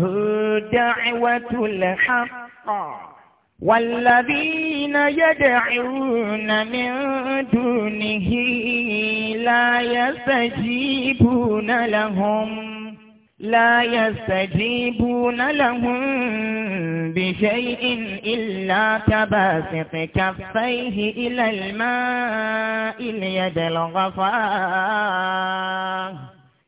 هو دعوة الحق والذين يدعون من دونه لا يستجيبون لهم لا يستجيبون لهم بشيء إلا كباسط كفيه إلى الماء ليدلغ فاه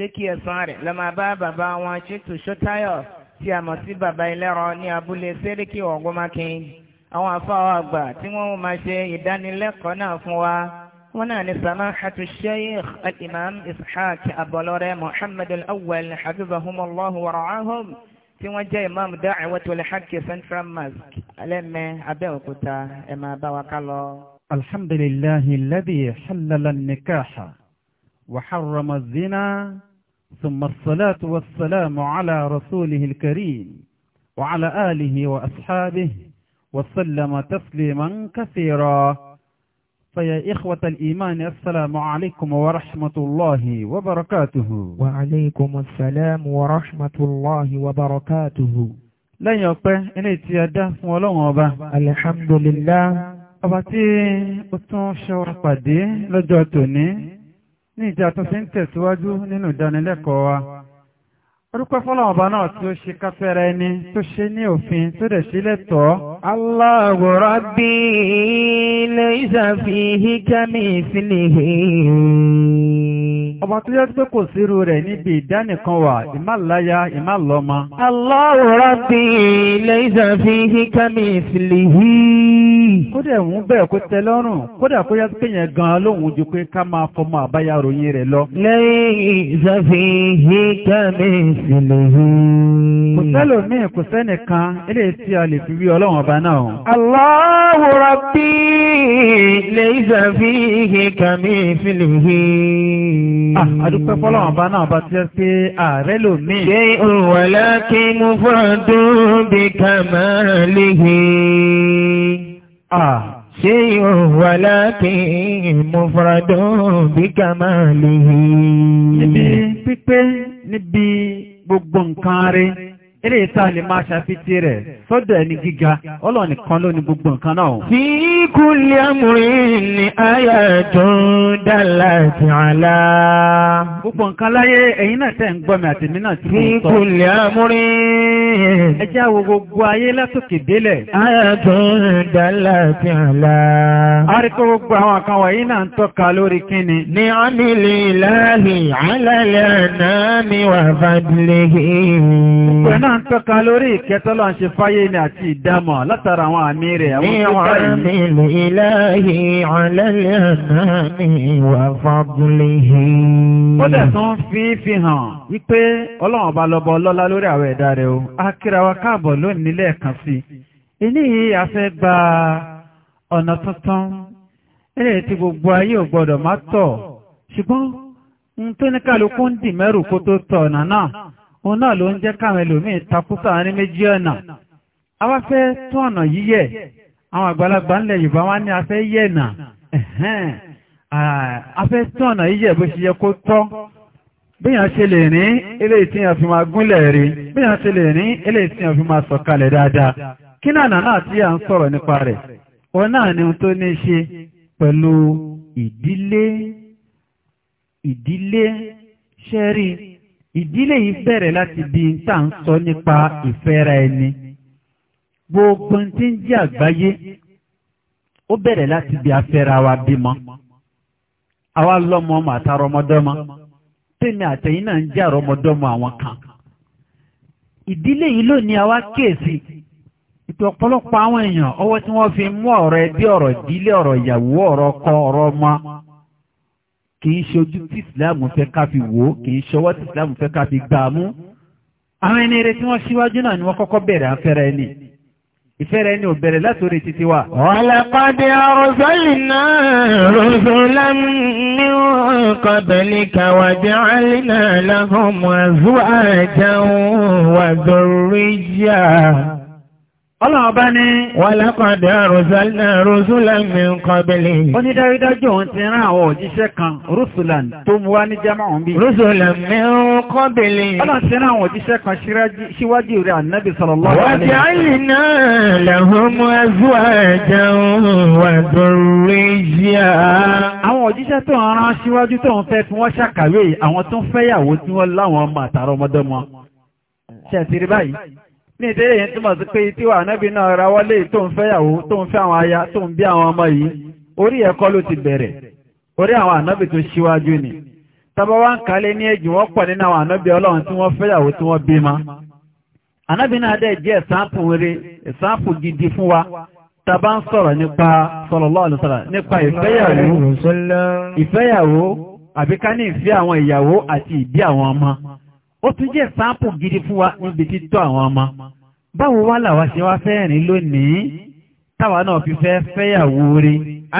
pé kí ẹ̀san rẹ̀ lọ máa bá bàbá wọn Chitu Sotayo tí a sí bàbá ẹlẹ́rọ ní abúlé sẹ́ríkì ọ̀gbọ́mákin àwọn afáwọ̀ àgbà tí wọ́n máa ṣe ìdánilẹ́kọ̀ọ́ náà fún wa wọ́n náà ní samahatu sheikh al-imam ishaq abọlọ́rẹ́ muhammad al-awwal habibahumullahu warahum tí wọ́n jẹ́ imam da'watul haqq central mosque alẹ́mẹ́ abẹ́òkúta ẹ̀ máa bá wa ká lọ. alhamdulillahi alladhi halala nikaha wa harrama zina. ثم الصلاة والسلام على رسوله الكريم وعلى آله وأصحابه وسلم تسليما كثيرا فيا إخوة الإيمان السلام عليكم ورحمة الله وبركاته وعليكم السلام ورحمة الله وبركاته لا يقبع إن اتيادة ولا الحمد لله أبتي أتوشور قدي لجوتني ní ìdí àtúnṣe ń tẹ̀síwájú nínú ìdánilẹ́kọ̀ọ́ wa orúkọ fọ́lọ́wọ́n ọba náà tí ó ṣe káfẹ́ra ẹni tó ṣe ní òfin tó dẹ̀ sí lẹ́tọ̀ọ́. Allahu Rabbi laysa fihi kamithlihi. ọba tó yẹ pé kò sírú rẹ̀ níbi ìdánìkan wà ìmáláyà ìmálọ́mọ. Allahu Rabbi laysa fihi kamithlihi kódà ń bẹ̀ kó tẹ́ lọ́rùn kódà kó yá kéèyàn gan-an lóhun ju pé ká máa fọmọ àbáyá ròyìn rẹ̀ lọ. lẹ́yìn ìsọfihì kẹ́mi ìsìlẹ̀hì. kò sẹ́lòmíì kò sẹ́nìkan eléyìí tí a lè fi wí ọlọ́run ọba náà. Allahu Rabbi lẹ́yìn ìsọfihì kẹ́mi ìsìlẹ̀hì. àdúpẹ́ fọlọ́run ọba náà bá ti ẹ́ pé ààrẹ lòmíì. ṣé ìwọ̀lá kí mo fọ́dún bí kàmáà léhe. شيء ولكن مفرد بكماله níbi pípé níbi gbogbo nǹkan rẹ̀ ilé ìta lè máa ṣàfitì rẹ̀ sọ́dọ̀ ẹni gíga Ọlọ́run nìkan ló gbogbo nǹkan náà. fi kulli amrin ni ayatun dallati ala. gbogbo nǹkan láyé ẹ̀yin náà tẹ̀ ń gbọ́ àti mi náà ti mú sọ. fi kulli amrin. ẹ jẹ́ àwọn gbogbo ayé látòkè délẹ̀. ayatun dallati ala. àríkò gbogbo àwọn kan wọ̀nyí náà ń tọ́ka lórí kíni. ní amílì láàyè alálẹ̀ náà náà ń tọ́ka lórí ìkẹtọ́lọ́ ṣe fáyé ní àti ìdámọ̀ látara àwọn àmì rẹ̀ àwọn ọ̀nà tuntun ẹ̀rẹ́ tí gbogbo ayé ò gbọdọ̀ má tọ̀ ṣùgbọ́n n tó ní kálukú ń dì mẹ́rù kó tó tọ̀ ọ̀nà náà òun náà ló ń jẹ́ káwọn ẹlòmíì takú sáàárín méjì ọ̀nà a wá fẹ́ tún ọ̀nà yíyẹ̀ àwọn àgbàlagbà ńlẹ̀ Yorùbá wá ní a fẹ́ yẹ̀nà a fẹ́ tún ọ̀nà yíyẹ̀ bó ṣe yẹ kó tọ́ bíyàn ṣe lè ní ilé ìtìyàn fi máa gúnlẹ̀ rí bíyàn ṣe lè ní ilé ìtìyàn fi máa sọ̀kalẹ̀ dáadáa kí náà náà tí à ń sọ̀rọ̀ nípa rẹ̀ wọn náà ni ohun tó ní ṣe pẹ̀lú ìdílé ìdílé ṣẹ́rí ìdílé yìí bẹ̀rẹ̀ láti bí n ń sọ nípa ìfẹ́ra ẹni gbogbo tí ń jẹ́ àgbáyé ó bẹ̀rẹ̀ láti bí afẹ́ra wa bímọ àwa lọ́mọ ọmọ àtàrọ tèmi àtẹ̀yìn náà ń jẹ́ àrọmọdọ́mọ àwọn kan ìdílé yìí àwa ìpè ọ̀pọ̀lọpọ̀ àwọn fi mú ọ̀rọ̀ ẹbí ọ̀rọ̀ ìdílé ọ̀rọ̀ ìyàwó ọ̀rọ̀ ọkọ ọ̀rọ̀ ọmọ kìí ṣe ojú tí ìsìláàmù fẹ́ ká fi wò ó kìí ṣọwọ́ tí ìsìláàmù fẹ́ ká fi gbà mú àwọn ẹni rẹ̀ tí wọ́n ṣíwájú náà ni wọ́n kọ́kọ́ bẹ̀rẹ̀ àfẹ́rẹ́ ẹni ìfẹ́rẹ́ ẹni ò bẹ̀rẹ̀ látòrí títí wa. ọ̀lẹ́pàdé arsalna rusulan min Ọlọ́run bá ní Wàlápàdé Rùsùlán Rùsùlán mi ń kọ bẹ̀lẹ̀ yìí. Ó ní dájúdájú òun ti rán àwọn òjíṣẹ́ kan Rùsùlán tó mú wá ní Jámàrún bí. Rùsùlán mi ń kọ bẹ̀lẹ̀ yìí. Ọlọ́run ti rán àwọn òjíṣẹ́ kan síwájú rẹ̀ ànábì sallallahu alaihi wasallam. Wọ́n ti àìnà lahum azwajan wa ní ìdílé yìí túmọ̀ sí pé tí wà wọlé tó ń fẹ́yàwó tó ń fẹ́ àwọn aya tó ń bí àwọn ọmọ yìí orí ẹ̀kọ́ ti bẹ̀rẹ̀ orí àwọn ànábì tó ṣíwájú ni tọba wá ń kalẹ̀ ní wọ́n pọ̀ nínú àwọn ànábì ọlọ́run tí wọ́n tí wọ́n bí ma ànábì náà dẹ̀ gidi fún wa tàbá ń sọ̀rọ̀ nípa nípa ìfẹ́yàwó ìfẹ́yàwó àbíká ní ìfẹ́ àwọn ìyàwó àti ìbí àwọn ó tún jẹ́ sáàpù gidi fún wa níbi títọ́ àwọn ọmọ báwo wá làwa ṣe wá fẹ́ rìn lónìí táwa náà fi fẹ́ fẹ́yàwó rí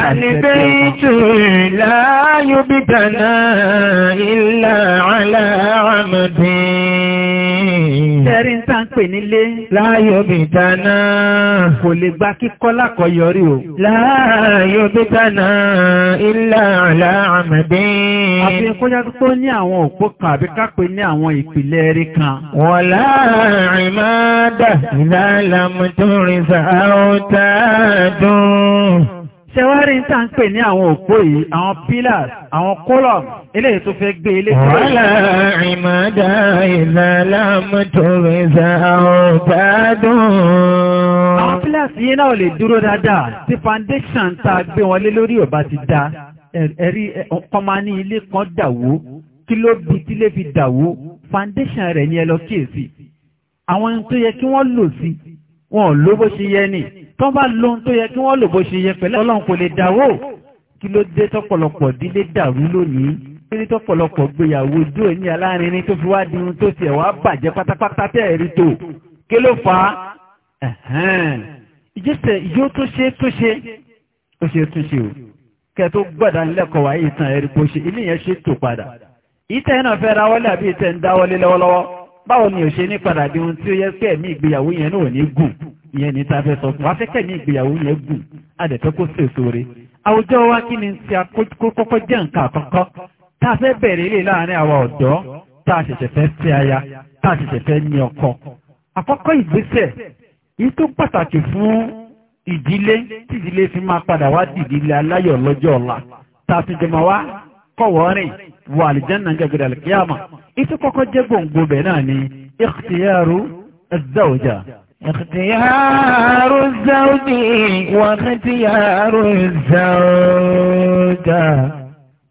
àlebẹ́ ètò ìlàáyò bíbà náà ìlà àlàáhàmàdín ṣẹ́rí ń tàn pè nílé. Láyọ̀ bí dáná. Kò lè gba kíkọ́ lákọ̀ọ́yọrí o. Láyọ̀ bí dáná ilá àlá àmàdé. Àfi kó yàtọ̀ tó ní àwọn òpó kan àbí kápẹ́ ní àwọn ìpìlẹ̀ rí kan. Wọ́n láàrin máa dà ìlàlámù tó rìn ṣẹwárí ń tàn pè ní àwọn òpó yìí àwọn pillars àwọn column eléyìí tó fẹ́ gbé ilé tó wọ́n ìmọ̀dá ìlàlámọ́tòrò ìzàọ̀gbádùn àwọn pillars yìí náà lè dúró dáadáa tí foundation tá a gbé wọn lé lórí ó bá ti dá ẹ̀rí ọkọ̀má ní ilé kan dàwó kí ló bí tí lè fi dàwó foundation rẹ̀ ní ẹlọ kíyèsí àwọn tó yẹ kí wọ́n lò sí wọn ò lówó ṣe yẹ nìí tó bá lóhun tó yẹ kí wọ́n lò bó ṣe yẹ pẹ̀lú ọlọ́run kò lè dáwó kí ló dé tọ́pọ̀lọpọ̀ dílé dàrú lónìí kí ló tọ́pọ̀lọpọ̀ gbéyàwó dó ní alárinrin tó fi wá di ohun tó tiẹ̀ wá bàjẹ́ pátápátá tẹ́ ẹ̀rí tó kí ló fà á ìjẹsẹ̀ yóò tó ṣe tó ṣe ó ṣe tó ṣe o kẹ tó gbọ́dá nílẹ̀kọ̀ọ́ wáyé ìtàn ẹ̀rí kó ṣe ilé yẹn ṣe tó padà ìtẹ́ náà fẹ́ rawọ́lé àbí ìtẹ́ ń dáwọ́lé lọ́wọ́lọ́wọ́ báwo ni ò ṣe ní padà bí ohun tí ó yẹ pé ìgbéyàwó yẹn náà ò ní gùn ìyẹn ní tàbí sọ fún afẹ́kẹ́ ní ìgbéyàwó yẹn gùn adẹ̀fẹ́ kó sèso re àwùjọ wa kí ni ti kókó jẹ́ nǹkan àkọ́kọ́ tá a fẹ́ bẹ̀rẹ̀ ilé láàrin àwa ọ̀dọ́ tá a ṣẹ̀ṣẹ̀ fẹ́ sí aya tá a ṣẹ̀ṣẹ̀ fẹ́ ní ọkọ àkọ́kọ́ ìgbésẹ̀ yìí tó pàtàkì fún ìdílé tí ìdílé fi máa padà wá dìdílé aláyọ̀ lọ́jọ́ ọ̀la tá a fi jẹmọ wá kọ̀wọ́rìn wọ àlìjẹ́nà gẹ́gẹ́rẹ́ àlìkíyàmà ètò kọ́kọ́ jẹ́ gbòǹgbò bẹ̀ náà ni ìkìtìyàrú ẹ̀dá òjà اختيار الزوج واختيار الزوجة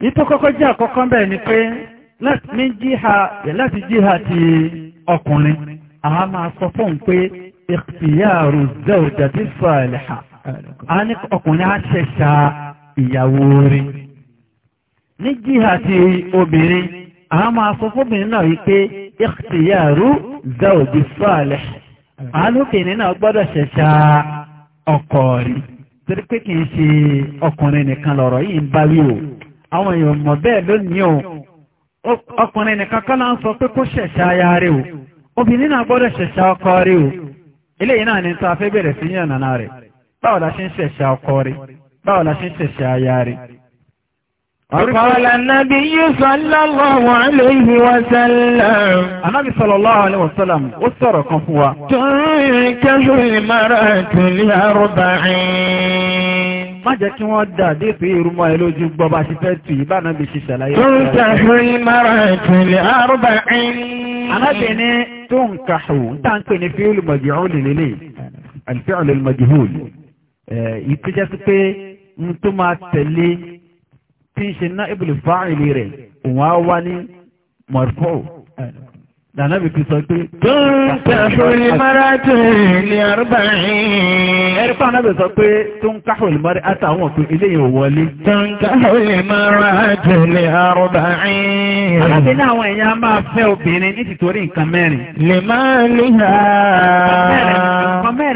Ìtò kọ́kọ́ jẹ́ àkọ́kọ́ bẹ́ẹ̀ ni pé láti ní jíha láti jíha ti ọkùnrin, àá máa sọ fún pé اختيار الزوجة الصالحة. A ní ọkùnrin á ṣẹ̀ṣà ìyàwó rí. Ní jíha ti obìnrin, àá máa sọ fún obìnrin náà wípé اختيار الزوج الصالح. àálùbìnrin náà gbọ́dọ̀ ṣẹ̀ṣà ọkọ rẹ̀ torí pé kìí ṣe ọkùnrin nìkan lọ̀rọ̀ yìí ń o àwọn èèyàn mọ̀ bẹ́ẹ̀ o ọkùnrin nìkan kọ́ láń sọ pé kó ṣẹ̀ṣà o obìnrin náà gbọ́dọ̀ ṣẹ̀ṣà o eléyìí náà ní bẹ̀rẹ̀ sí rẹ̀ báwo la ṣe ń ṣẹ̀ṣà báwo وقال النبي صلى الله عليه وسلم النبي صلى الله عليه وسلم والسر قفوة تنكح المرأة لأربعين má jẹ́ kí wọ́n dà dé pé irúmọ́ ẹ lójú gbọ́ bá ṣe fẹ́ tù yí bá náà bí ṣe ṣàlàyé. تنكح المرأة tó ń kàṣù tá ń pè ní fíìlù mọ̀jìhún tí ń ṣe náà ìbùlù fáàrin rẹ̀ òun á wá ní mọ̀rùfọ́ Dànábì fi sọ pé, Tó ń tẹ̀fúrí márátù ní àrùbáyìn. Ẹ̀rí pa náà bẹ̀ sọ pé tó ń káhùlì mọ́rí àtàwọn òfin iléyìn òwọlé. Tó ń káhùlì márátù ní àrùbáyìn. Àti ní àwọn èèyàn máa fẹ́ obìnrin ní tìtorí nǹkan mẹ́rin. Lè máa ní ha. Nǹkan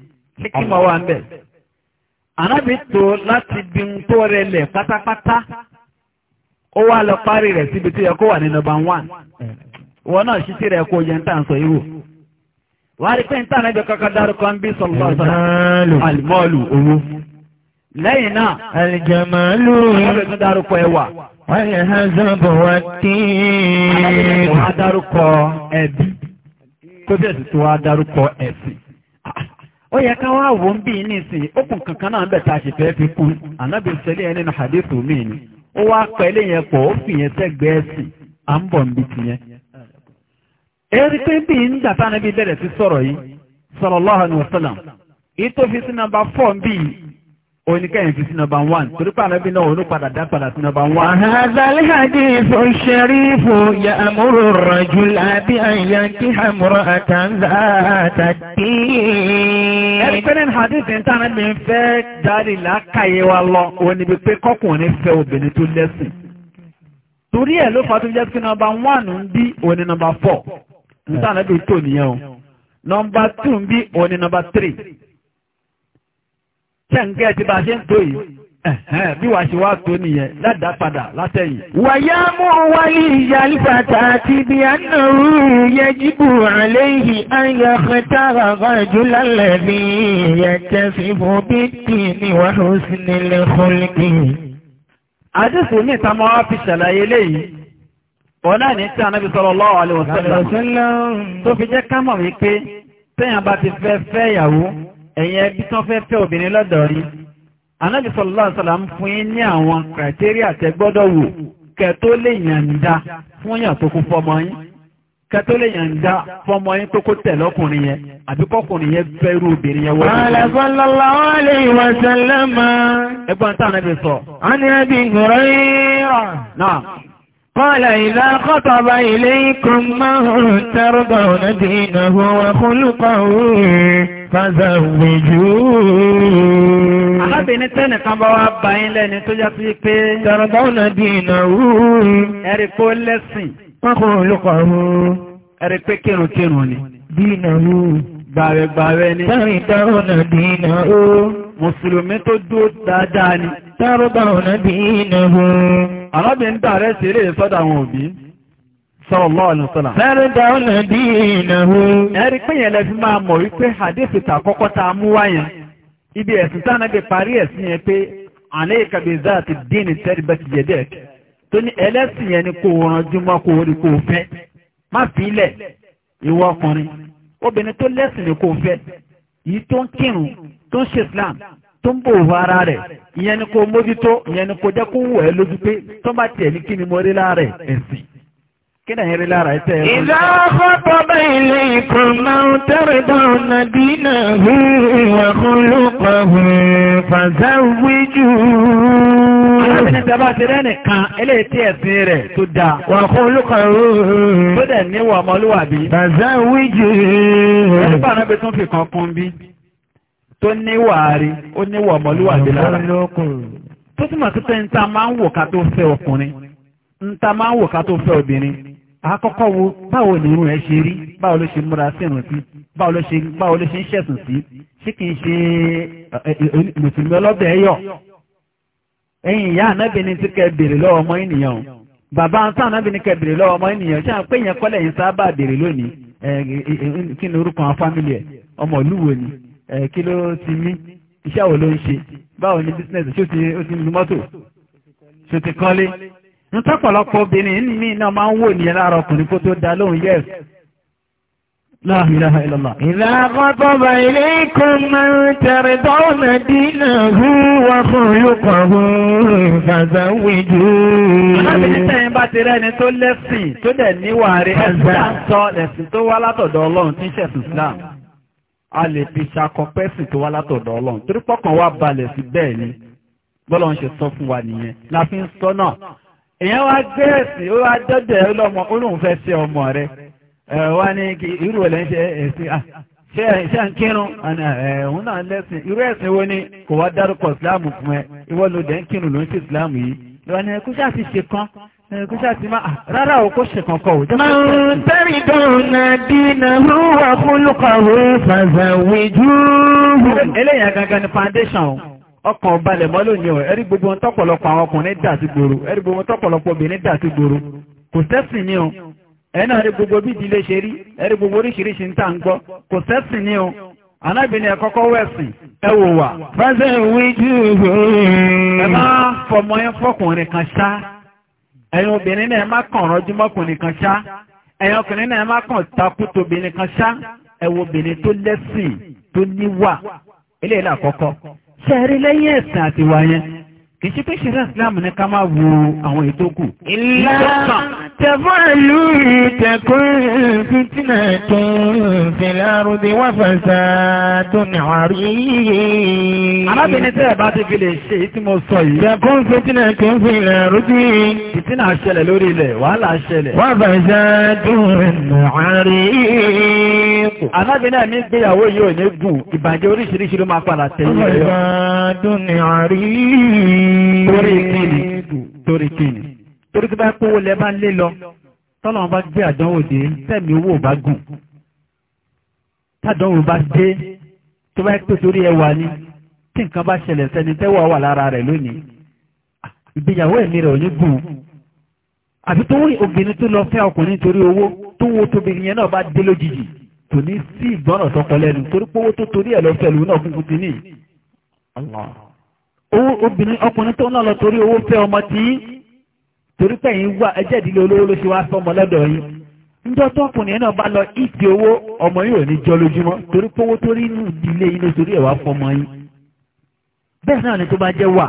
ṣé kí mọ̀ ń bẹ̀. ànábì tó láti bí ń tó pátápátá ó wá lọ parí rẹ̀ síbi tó yẹ kó wà ní nọ́mbà one wọn náà ṣí rẹ̀ kó yẹn tà ń sọ ìwò wàá rí pé ń tàn ẹgbẹ́ kankan dárúkọ ń bí sọ̀rọ̀ sọ̀rọ̀ owó lẹ́yìn náà dárúkọ ha zọ́bọ̀ wá bẹ̀rẹ̀ tó wá dárúkọ ó yẹ ká wá wò bí ní ìsìn kankan náà a ṣe fẹ́ fi kún ànábì sẹ́lẹ̀ hadith mi ni ó wá pẹ̀lẹ́ yẹn pọ̀ ó fìyẹn sẹ́gbẹ̀ẹ́ sí à ń bọ̀ ń tiyẹn. èrí pé bí ń gbà tá bẹ̀rẹ̀ sí sọ̀rọ̀ oníkẹ́yìn fi sí nọmba wán torí pàánà bí náà olú padà dá padà sí nọmba wán. àhàzàlì hadithu sharifu ya amúrò rọ̀jù lábí àyà kí àmúrò àtàǹzà àtàtì. ẹgbẹ́rin hadithi ń tánà mi fẹ́ dárí lákàyè wa lọ oníbi pé kọkùnrin fẹ́ obìnrin tó lẹ́sìn. torí ẹ̀ ló fàtún jẹ́ sí nọmba wán ń bí oní nọmba fọ́ ń tánà bí tó nìyẹn o nọmba tù ń bí oní nọmba tírì kẹ́ǹkẹ́ ti bá ṣe ń tó yìí bí wàá ṣe wá tó nìyẹn ládàá padà látẹ̀yìn. wàyà mú wálé ìyálífàtà àti ibi ànáwó yẹjibù àléyìn ayọ̀kẹtàrà rajúlálẹ̀ ní ìyẹ̀kẹsìbò bíkì ní wàhùn sínilé kọ́lìkì. àdìsù mi ta mọ́ fi ṣàlàyé léyìí ọ̀nà ní tí anábì sallallahu alaihi wasallam ẹ̀yìn ẹbí tán fẹ́ fẹ́ obìnrin lọ́dọ̀ rí anábì sallallahu fún yín ní àwọn criteria tẹ́ wò kẹ́ lè yànda fún yàn tó kún fọmọ yín kẹ́ lè yànda fọmọ yín tó kó tẹ̀ yẹn àbí kọ́kùnrin yẹn fẹ́rù obìnrin yẹn wọlé. Ala sallallahu alaihi wasallam. ẹgbọ́n táwọn ẹbí sọ. a ní ẹbí Hurayra. náà. قال إذا خطب Fázàwèjú. Alábìnrin tẹ́nì kan bá wá bá yín lẹ́ni tó já sí pé. Tẹ̀rọ̀bọ́nà di ìnáwó. Ẹ̀rì kó lẹ́sìn. Wọ́n kò lókọ̀ ọ̀rọ̀. Ẹ̀rì pé kírùnkírùn ni. Di ìnáwó. Gbàrẹ̀gbàrẹ̀ ni. Tẹ̀rọ̀bọ́nà di ìnáwó. Mùsùlùmí tó dúró dáadáa ni. Tẹ̀rọ̀bọ́nà di ìnáwó. Alábìnrin dàrẹ́ sí eré ìsọ́dọ̀ àwọn òbí sallallahu alaihi wasallam. Fẹ́rẹ́dà ọ̀nà bí ìnáwó. Ẹ̀rí pé yẹn lẹ fi máa mọ̀ wípé hadith ta kọ́kọ́ ta mú wá yẹn. Ibi ẹ̀sìn sáà náà ti parí ẹ̀sìn yẹn pé alayka bi zati dini tarbati yadak. Tó ní ẹlẹ́sìn yẹn ni kò ranjú mọ́ kò rí kò fẹ́. Má fi ilẹ̀ ìwọ ọkùnrin. Obìnrin tó lẹ́sìn ni kò fẹ́. Yìí tó ń kírun tó ń ṣe Islam tó ń bò wá ara rẹ̀ ìyẹn ni kò mójútó ìyẹn ni kò jẹ́ kó wọ̀ ẹ́ lójú pé tó bá tiẹ̀ ní kí ni mo rí lára rẹ̀ ẹ̀sìn kílẹ̀ yẹn rí lára ẹ̀tẹ́ ẹ̀rọ. ìlà fọ́tọ̀bẹ̀ ilé ikọ̀ máa ń tẹ́rẹ̀dọ̀ nàdínà hù ọkùnlùpọ̀hù fàzáwíjù. alábìnrin bá ti rẹ́nì kan tó da. ọkùnlùpọ̀hù. tó dẹ̀ níwọ̀ ọmọlúwàbí. fàzáwíjù. tó níwàárí tó túmọ̀ ń ta máa ń wò ká tó fẹ́ ọkùnrin ń ta máa ń wò ká tó fẹ́ obìnrin àkọ́kọ́ wo báwo ni irun ẹ̀ ṣe rí báwo ló ṣe múra sí ìrùn sí báwo ló ṣe báwo ló ṣe ń ṣẹ̀sùn sí ṣé kìí ṣe mùsùlùmí ọlọ́bẹ̀ ẹ̀yọ̀ ẹ̀yìn ìyá ànábìnrin tí kẹ bèrè lọ́wọ́ ọmọ ènìyàn bàbá àǹtá ànábìnrin kẹ bèrè lọ́wọ́ ọmọ ènìyàn ṣé àwọn péyàn kọ́lẹ̀ yìí sábà bèrè lónìí kí ni orúkọ àwọn fámìlì ẹ̀ ọmọ olúwo ni kí ló ti ní iṣẹ́ wo ló ń ṣe báwo ni bísínẹ́sì ṣó ti lu mọ́tò ṣó ti kọ́lé nítọ́pọ̀lọpọ̀ obìnrin ní náà máa ń wò ní lára ọkùnrin kó tó dá lóhùn yes La ilaha illallah. Idha khataba ilaykum man tardawna dinahu wa khuluquhu fazawwiju. Ọlọ́bìnítẹ̀ yìí bá ti rẹ́ni tó lẹ́sìn tó dẹ̀ níwà rẹ̀ ẹ̀sìn tó wá látọ̀dọ̀ Ọlọ́run tí tó wá èèyàn wá gbé ẹ̀sìn ó wá dọ́dẹ̀ ọlọ́mọ olóhùn fẹ́ ṣe ọmọ rẹ wá ní irú ẹ̀lẹ́ ń ṣe ẹ̀sìn ṣe à ń kírun òun náà lẹ́sìn irú ẹ̀sìn wo ni kò wá dárúkọ ìsìláàmù fún ẹ ìwọ ló dẹ̀ ń kírun ló ń ṣe ìsìláàmù yìí lọ́wọ́ ni ẹkú ṣáà ti ṣe kan ẹkú ṣáà ti máa rárá o kó ṣe kankan o. máa dọ̀nà dínà ló wà fún lùkọ̀wé fàzàwìjú. eléyàn gangan ni foundation ọkàn balẹ̀ mọ́ lónìí ọ̀ ẹ̀rí gbogbo tọ́pọ̀lọpọ̀ àwọn ọkùnrin dà sí gbòòrò ẹ̀rí gbogbo tọ́pọ̀lọpọ̀ obìnrin dà sí gbòòrò kò sẹ́sìn ní o ẹ̀nà ẹ̀rí gbogbo bí ìdílé ṣe rí ẹ̀rí gbogbo oríṣiríṣi ń tà ń gbọ́ kò sẹ́sìn ní o anábìnrin ẹ̀kọ́kọ́ wẹ̀sìn ẹ wò wà. fẹ́sẹ̀ wí jù ẹ máa fọmọ yẹn fọkùnrin kan ṣá ẹ̀yin obìnrin náà ẹ má kàn rọ́jú mọ́kùnrin kan ṣá ẹ má kan ṣá ṣẹ́rí lẹ́yìn ẹ̀sìn àtiwá yẹn kìí ṣe pé ṣẹlẹ̀ islam ní ká máa wo àwọn ètò kù. ìlà tẹ̀fọ́ ìlú ìtẹ̀kùn fìtínà tó fìlà rúdi wà fẹ̀sà tó nàwà rí. arábìnrin tẹ́lẹ̀ bá ti fi lè ṣe tí mo sọ yìí. tẹ̀kùn fìtínà tó fìlà rúdi. fìtínà ṣẹlẹ̀ lórí ilẹ̀ wàhálà ṣẹlẹ̀. wà fẹ̀sà tó nàwà rí. arábìnrin mi gbéyàwó yìí ò ní gùn ìbàjẹ́ oríṣiríṣi ló máa padà tẹ̀lé rẹ̀. wà fẹ̀sà tó nàwà rí torí kíni torí kíni torí tó bá kówó lẹ bá ń lé lọ tọ́lọ̀ bá gbé àdánwò dé tẹ̀mí owó bá gùn tàdánwò bá dé tó bá pè torí ẹwà ni tí nǹkan bá ṣẹlẹ̀ sẹ́ni tẹ́wà wà lára rẹ̀ lónìí ìgbéyàwó ẹ̀mí rẹ̀ ò ní gùn àbí tó rí obìnrin tó lọ fẹ́ ọkùnrin torí owó tó wo tóbìnrin yẹn náà bá dé lójijì kò ní sí ìgbọ́nà tọkọ lẹ́nu torí pé owó tó torí ẹ̀ lọ fẹ́ lòun náà gúngun ti ní. Allah owó obìnrin ọkùnrin tó náà lọ torí owó fẹ́ ọmọ tí torí pẹ̀yìn wà ẹjẹ́ ìdílé olówó ló ṣe wá sọmọ lọ́dọ̀ yìí níjọ́ tọkùnrin náà bá lọ ìdí owó ọmọ yìí ò ní jọ lójúmọ́ torí pówó tó rí inú ìdílé yìí nítorí ẹ̀wà fọmọ yìí bẹ́ẹ̀ náà ni tó bá jẹ́ wà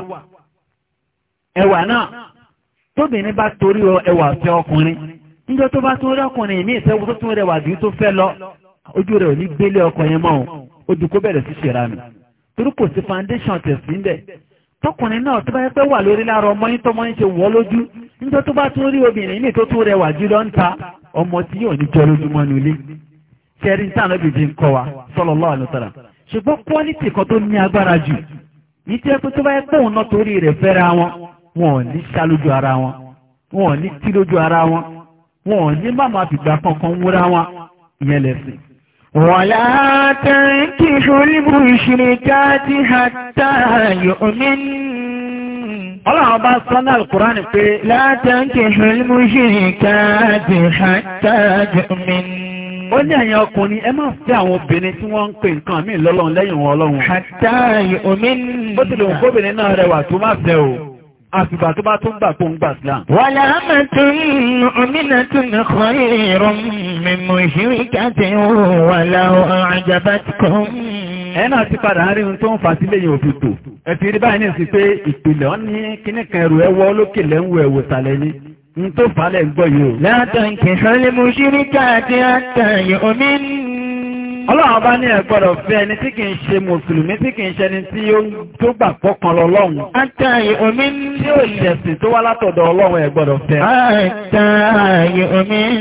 ẹ̀wà náà tóbìnrin bá torí ẹ̀wà fẹ́ ọkùnrin níjọ́ tó bá tún rí ọkùnrin mí ìfẹ́ tó tún rẹwà bí tó fẹ́ lọ ojú rẹ̀ ò ní gbélé ọkọ̀ yẹn mọ́ o ó dùn kó bẹ̀rẹ̀ sí ṣèrànù torí kò sí foundation tẹ̀sí ń bẹ̀ tọkùnrin náà tó bá yẹ pé wà lórí lára ọmọ yín tọmọ yín ṣe wọ́ lójú níjọ́ tó bá tún rí obìnrin ní tó tún rẹwà jùlọ ń ta ọmọ tí yóò ní jọ lójúmọ́ ní ilé kẹrin tí àná bìbí ń kọ wa sallallahu alaihi ṣùgbọ́n quality kan tó ní agbára jù ní tí ẹkú tó bá yẹ pé òun náà torí rẹ̀ fẹ́ra wọn wọn ní ṣá lójú ara wọn wọn ní tí lójú ara wọn wọn ní má má fìgbà kankan wúra wọn ìyẹn lẹ́sìn ولا تنكحوا المشركات حتى يؤمن الله bá sọ́nà Al-Qur'an pé látàkì ṣùlmùṣìríkà ti hàtàjùmín. Ó ní ẹ̀yin ọkùnrin, ẹ máa fẹ́ àwọn obìnrin tí wọ́n ń pè nǹkan mí lọ́lọ́run lẹ́yìn wọn Ọlọ́run. Hàtàjùmín. Ó ti lè ń kóbìnrin náà rẹwà tó máa fẹ́ o àfìgbà tó bá tó ń gbà tó ń gbà Islam. Wàlá àmà tó ń ọmọdé tó ń kọ́ ìrọ̀ mímọ̀ ìṣirí káàtì wàlá àjàbá ti kọ́. Ẹ náà ti padà rí ohun tó ń fà sílé yẹn òfin tò. rí báyìí ní ìsìn pé ìpìlẹ̀ ọ́ ní kíní kan ẹrù ẹwọ́ olókè lẹ́wọ̀ ẹ̀wò sàlẹ̀ ni. N tó falẹ̀ gbọ́ yìí o. Látàn kìí sọ́lé mo ṣírí káàtì àtàyè omi ń ọlọ́run bá ní ẹ̀gbọ́dọ̀ fẹ́ ẹni tí kìí ṣe mùsùlùmí tí kìí ṣe ẹni tí ó tó gbà pọ́kan lọ́lọ́run. àtàyè omi ń tí ò lẹ̀sìn tó wá látọ̀dọ̀ ọlọ́run ẹ̀gbọ́dọ̀ fẹ́. àtàyè omi ń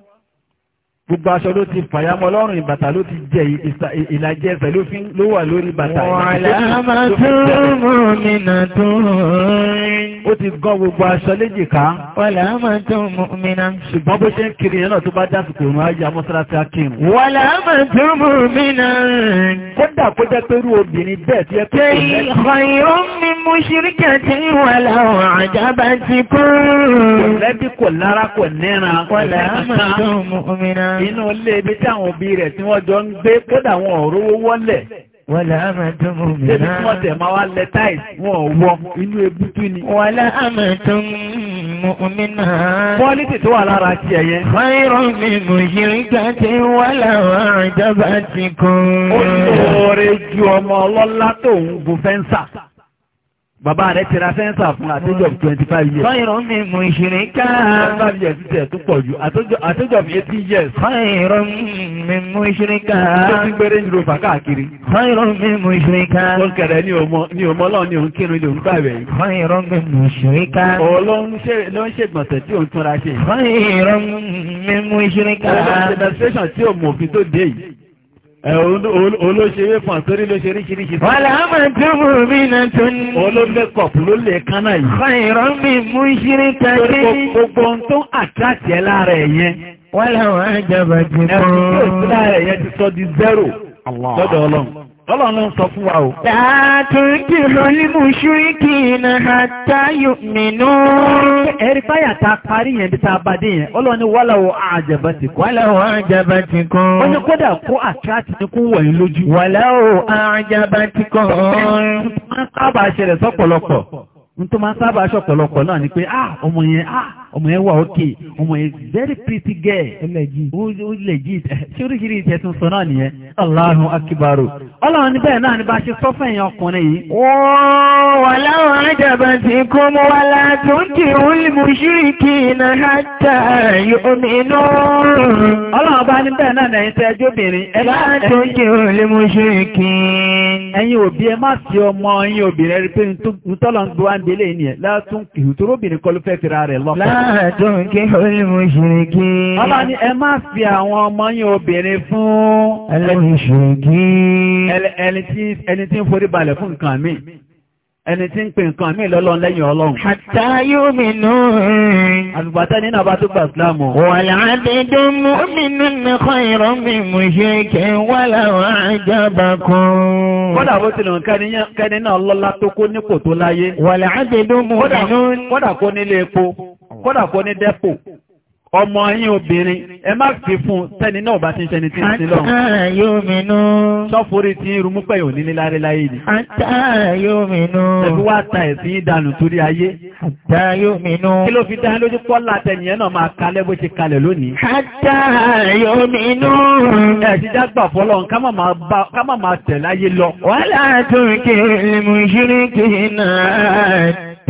gbogbo aṣọ ló ti fàyàmọ́ lọ́rùn ìbàtà ló ti jẹ ìlàjẹ ẹsẹ̀ ló wà lórí bàtà ó ti gọ́ gbogbo aṣọ léjìká ṣùgbọ́n bó ṣe ń kiri ẹ̀nà tó bá dásìkò òun ayé amọ́sáráṣí akínrùn kódà kó jẹ́ pé rú obìnrin bẹ́ẹ̀ tí ẹ pé ìrọ̀ mi mú ṣíríkẹ̀ inú ilé ibi tí àwọn òbí rẹ̀ tí wọ́n jọ ń gbé kódà wọn ò rówó wọ́lẹ̀. Wàlá àmàdùnmù mìíràn. Débi tí wọ́n tẹ̀ máa wá lẹ táìsì wọn ò wọ inú ebútú ni. Wàlá àmàdùnmù mìíràn. Pọ́lítì tó wà lára ti ẹ̀yẹ. Fáírọ̀ mi mò ṣírí gbàtí wà láwọn àjọba ti kún. Ó lóore ju ọmọ ọlọ́lá tó ń gun fẹ́ńsà. Bàbá rẹ̀ tira sẹ́ńsà fún àtẹ́jọ́ 25 years. Fáyìrọ̀ mi mú ìṣirin ká. 25 years tẹ̀ tó pọ̀ jù àtẹ́jọ́ 18 years. Fáyìrọ̀ mi mú ìṣirin ká. Tó ti gbé Range Rover káàkiri. Fáyìrọ̀ mi mú ìṣirin ká. Ó ń kẹrẹ ní ọmọ ní ọmọ ọlọ́run ní òun kírun ní òun gbàgbẹ́ yìí. Fáyìrọ̀ mi mú ìṣirin ká. Ọlọ́run ló ń ṣègbọ̀nsẹ̀ olóṣèré fún àtórí lóṣèré kìríkì tó. wọ́n láàmà tó mú mi náà tó ní. olólékọ̀pù ló lè kánà yìí. fàìrọ́ mi mú ṣírí kàkí. gbogbo ohun tó àtàtì ẹ lára ẹ̀ yẹn. wọ́n láwọn àjàbàjì náà. ẹ̀rù tí ò sí lára ẹ̀ yẹn ti sọ di zero. lọ́dọ̀ ọlọ́run. Ọlọ́run sọ fún wa o. Tààtùkì rọlímù ṣúríkì iná àtàyò mìnú. Ẹ̀rí fáyà ta parí yẹn bí ta bá dé yẹn, Ọlọ́run ni wà láwọ̀ àjẹ̀bẹ̀ ti kún. Wà láwọ̀ àjẹ̀bẹ̀ ti kún. Ó ní kódà kó ní kún wọ̀nyí lójú. àjẹ̀bẹ̀ ti Máa sábà ṣẹlẹ̀ sọ́pọ̀lọpọ̀. máa sábà ṣọ̀pọ̀lọpọ̀ náà ni pé, ah, ọmọ ah, ọmọ yẹn wà ókè ọmọ yẹn very pretty girl ó legit ṣé oríṣiríṣi ìṣẹ́ tún sọ náà nìyẹn Allahu akibaru ọlọ́run níbẹ̀ náà ni bá ṣe sọ fún ọkùnrin yìí. wọ́n láwọn àjàbà ti kó mọ́ wa látó kí olùmú ṣíríkì náà hátà yóòmínú. ọlọ́run bá níbẹ̀ náà nẹ̀yìn tẹ́ ẹjọ́ obìnrin. látó kí olùmú ṣíríkì. ẹ̀yin òbí ẹ má sí ọmọ ẹ̀yin obìnrin rí pé ntọ́lọ́ ń gbọ́ wá yìí nìyẹn látó kí dùn kí olùmùṣìrìkì. Ọlá ni ẹ má fi àwọn ọmọ yín obìnrin fún ẹlẹ́mùṣìrìkì. Ẹni tí ń forí balẹ̀ fún nǹkan mi ẹni tí ń pè nǹkan mí lọ́lọ́ lẹ́yìn ọlọ́run. Àtà yóò mìnú. Àlùbátá nínú àbá tó gbà sílámù. Wàlá àdédó mú mínú nìkan ìrọ̀ mi mú ṣe kẹ wà láwọn àjábà kan. Kọ́dà bó ti lọ kẹ́ni náà lọ́lá tó kó nípò tó láyé. Wàlá àdédó mú mínú. Kọ́dà kó nílé epo kódà kó ní dẹ́pò ọmọ yín obìnrin ẹ má fi fún sẹ́ni náà bá ti ń sẹ́ni tí ń sin lọ́wọ́. àtà yóò mìnú. sọ́fúnrí tí ń rumú pẹ̀yìn òní láyé ni. àtà yóò mìnú. ẹbí wá ta ẹ̀sìn ìdànù torí ayé. àtà yóò mìnú. kí ló fi dá lójú pọ́lá àtẹnìyẹn náà máa kalẹ̀ bó ṣe kalẹ̀ lónìí. àtà yóò mìnú. ẹ ti dágbà fọlọ́n ká má máa tẹ̀ láyé lọ. wàhálà tó kéré mú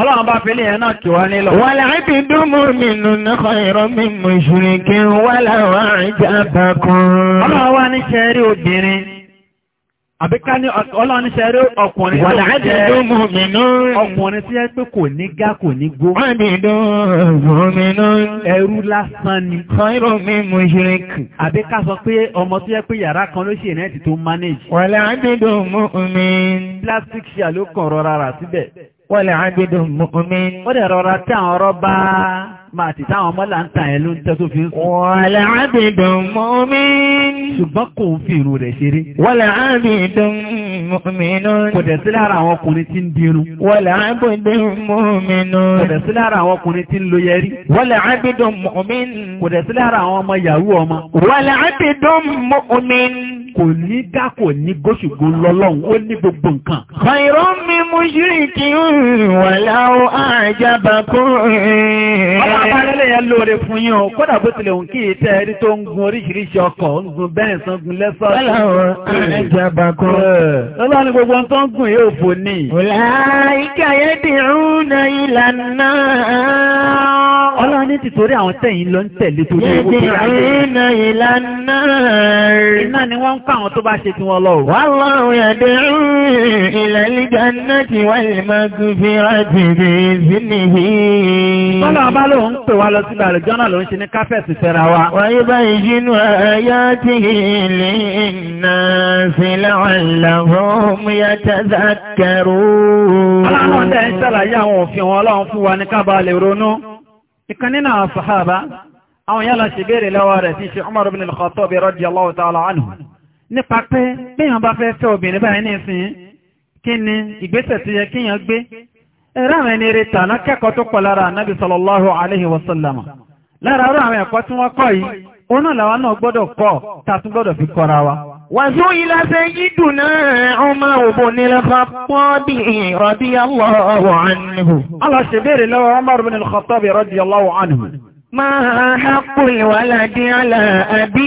Ọlọ́run bá fílé ẹ̀ náà kí wá nílọ. Wà láti dúnmù mìnú náà ìrọ́ mi mú ìṣúrí kí wà láwá ìjà bá kan. Ọlọ́run wá ní ṣẹ́rí obìnrin. Àbíká ní ọlọ́run ní ṣẹ́rí ọkùnrin. Wà láti dúnmù mìnú. Ọkùnrin tí ẹ pé kò ní gá kò ní gó. Ẹrú lásán ni. Àbíká sọ pé ọmọ tí ẹ pé yàrá kan ló ṣe ìrẹ́ẹ̀tì tó manage. Wà láti dúnmù mìnú. Plastic ṣe àlókàn rọra rà síbẹ̀ wọ́n lè ábídò mọ́mí. ó dẹ̀ rọra tí àwọn ọ̀rọ̀ bá máa ti táwọn ọmọlà ń tàn ẹ̀ ló ń tẹ́ tó fi ń sùn. wọ́n lè ábídò mọ́mí. ṣùgbọ́n kò ń fi irun rẹ̀ ṣeré. wọ́n lè ábídò mọ́mí náà. kò dẹ̀ sí lára àwọn ọkùnrin tí ń dirun. wọ́n lè ábídò mọ́mí náà. kò dẹ̀ lára àwọn ọkùnrin tí ń lo yẹrí. wọ́n lè ábídò mọ́mí. kò dẹ̀ lára àwọn ọmọ yahoo ọmọ. wọ́n lè ábídò mọ́mí kò ní dá ní góṣùgbò lọ́lọ́run ó ní gbogbo nǹkan. Kàìrọ́ mi mú ṣírí kí wà láwọ́ àjábà kó rẹ̀. yẹn lóore fún yín o, kódà bó tilẹ̀ òun kí ìtẹ́ ẹni tó ń gun oríṣiríṣi ọkọ̀, ń gun bẹ́ẹ̀ sán gun lẹ́sọ̀. Láwọ́ àjábà Lọ́lá ni gbogbo ohun tó ń gùn yóò fò ní. Òlà ìkàyẹ́ dìrúnà ìlànà. Ọlá ní tìtorí àwọn tẹ̀yìn lọ ń tẹ̀lé tó ń káwọn tó bá ṣe tí wọ́n lọ. Wallahu yad'u ila al-jannati wal-maghfirati bi iznihi. Bọ́lá ọba ló ń pè wá lọ sí ìgbàlẹ̀ jọ́nà ló ń ṣe ní káfẹ́ẹ̀sì fẹ́ra wa. Wa yubayyinu ayatihi lin-nasi la'allahum yatadhakkarun. Ọlọ́run tẹ́ ń ṣàlàyé àwọn òfin wọn ọlọ́run fún wa ní kábàá lè ronú. Ìkan nínú àwọn sàhábà, àwọn yálà ṣe béèrè lọ́wọ́ rẹ̀ sí ṣe Umar ibn al-Khattab nípa pé bíyàn bá fẹ́ fẹ́ obìnrin báyìí nísìn kí ni ìgbésẹ̀ tó yẹ kíyàn gbé ẹ̀rọ àwọn ẹni retà náà kẹ́kọ̀ọ́ tó pọ̀ lára ànábì sallallahu alaihi wasallam lára ọ̀rọ̀ àwọn ẹ̀kọ́ tí wọ́n kọ́ yìí òun náà làwọn náà gbọ́dọ̀ kọ́ tàtún gbọ́dọ̀ fi kọ́ra wa wàzú ìlàṣẹ yídù náà ọmọ òbò nílẹ̀fà pọ́bí radiyallahu anhu àlà àbí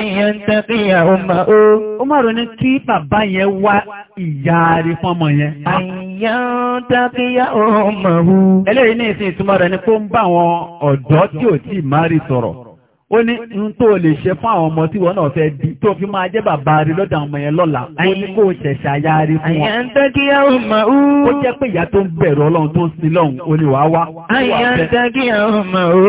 ẹ̀yẹn tẹ́fíyà ọmọ ó. Ó máa rò ní kí bàbá yẹn wá ìyá rí fọ́mọ yẹn. Ẹ̀yẹn tẹ́fíyà ọmọ ó. Eléyìí ní ìsìn ìtumọ̀ rẹ̀ ni kó ń bá àwọn ọ̀dọ́ tí ò tí ì rí sọ̀rọ̀ ó ní n tó lè ṣe fún àwọn ọmọ tí wọ́n náà fẹ́ bí tó fi máa jẹ́ bàbá rí lọ́dọ̀ ọmọ yẹn lọ́la ó ní kó ṣẹ̀ṣẹ̀ aya rí fún wọn. àyà kí a ó mọ̀ ó. ó jẹ́ pé ìyá tó ń bẹ̀rù ọlọ́run tó ń sin lọ́hùn ó ní wàá wá. àyà kí a ó mọ̀ ó.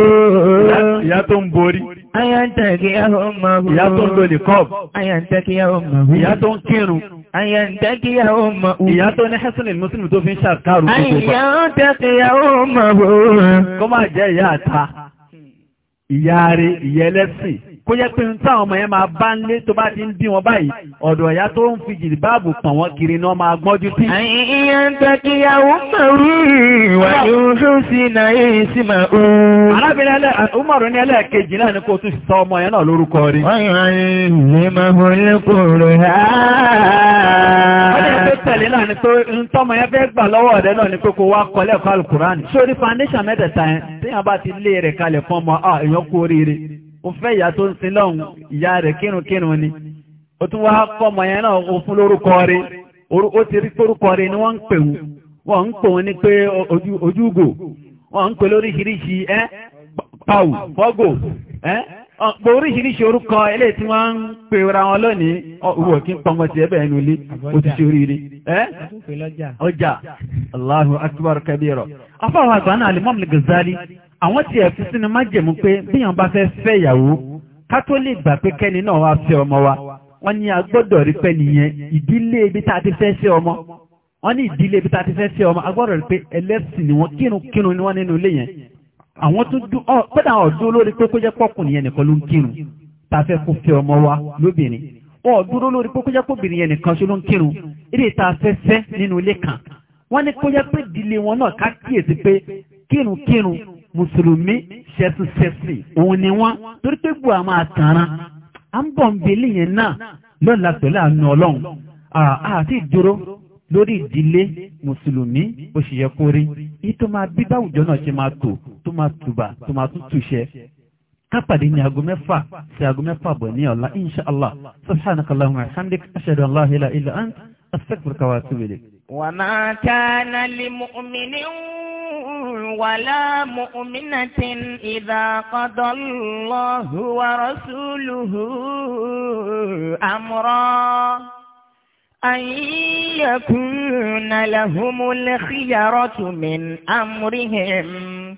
ìyá tó ń borí. àyà kí a ó mọ̀ ó. ìyá tó ń lo nìkọ́ọ̀b. àyà kí a ó mọ̀ ó. ìyá tó ń kírun. Àyà ń tẹ́kí ó mọ̀ òun. Ìyá tó ní Hẹ́sìnlẹ̀ Mùsùlùmí tó fi ń ṣàkárù. Àyà ń tẹ́kí ya ó mọ̀ òun. Kó máa jẹ́ ìyá àta ìyá rẹ̀ kó jẹ́ pé táwọn ọmọ yẹn máa bá ń lé tó bá ti ń bí wọn báyìí ọ̀dọ̀ ìyá tó ń fi jìdì báàbù pọ̀n wọn kiri náà máa gbọ́njú sí. àyíyàn tàkíyàwó mẹ́rù wà lóṣù sí náà èyí sí máa ó. arábìnrin Umaru ní ẹlẹ́ẹ̀kejì náà ni kò tún sọ ọmọ yẹn náà lórúkọ rí. wọ́n yàn án ní máa wọlé kúrò rẹ̀ á. ó fẹ́ ìyá tó ń sin lọ́hùn ìyá rẹ̀ kírunkírun ni ó tún wáá kọ́mọ yẹn náà ó fún lórúkọ rẹ̀ ó ti rí pórúkọ rẹ̀ ni wọ́n ń pè wọ́n wọ́n ń pè wọ́n ní pé ojúgò wọ́n ń pè lóríṣiríṣi ẹ́ pàù bọ́gò ẹ́ ọ̀pọ̀ oríṣiríṣi orúkọ eléyìí tí wọ́n ń pè ra wọn lónìí n Allahu àgbà náà àwọn tí ẹ̀ fi sínú májẹ̀mú pé bíyàn bá fẹ́ fẹ́ ìyàwó ká tó lè gbà pé kẹ́ni náà wá fẹ́ ọmọ wa wọ́n ní agbọ́dọ̀ rí pé nìyẹn ìdílé ibi tá a ti fẹ́ ṣe ọmọ wọ́n ní ìdílé ibi tá a ti fẹ́ ṣe ọmọ agbọ́dọ̀ rí pé ẹlẹ́sìn ni wọ́n kírun kírun ni wọ́n nínú ilé yẹn àwọn tó dún ọ pẹ́ẹ́dà àwọn ọ̀dún lórí pé kó jẹ́ pọ́kùnrin yẹn nìkan ló ń kírun tá a fẹ́ kó fẹ́ ọmọ wa lóbìnrin ọ dúró lórí pé kó jẹ́ kóbìnrin yẹn nìkan ṣó ló ń kírun eré tá a fẹ́ fẹ́ nínú ilé kan wọ́n ní kó jẹ́ pé ìdílé wọn náà ká pé kírun kírun mùsùlùmí ṣẹtùṣẹtì òun ni wọ́n torí pé gbọ́ àwọn àtàrà à ń bọ̀ ń belé yẹn náà lọ́la pẹ̀lú àánú ọlọ́run àti ìdúró lórí ìdílé mùsùlùmí bó ṣe yẹ kó rí èyí tó máa bí báwùjọ náà ṣe máa tò tó máa tùbà tó máa tún túṣẹ kápàdé ní aago mẹ́fà sí aago mẹ́fà bọ̀ ní ọ̀la inṣàlá subhanakallahumma wa hamdik أستغفرك وأتوب إليك وما كان لمؤمن ولا مؤمنة إذا قضى الله ورسوله أمرا أن يكون لهم الخيرة من أمرهم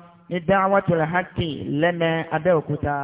ní dáwọ́tò làhákì lẹ́mẹ abẹ́òkúta.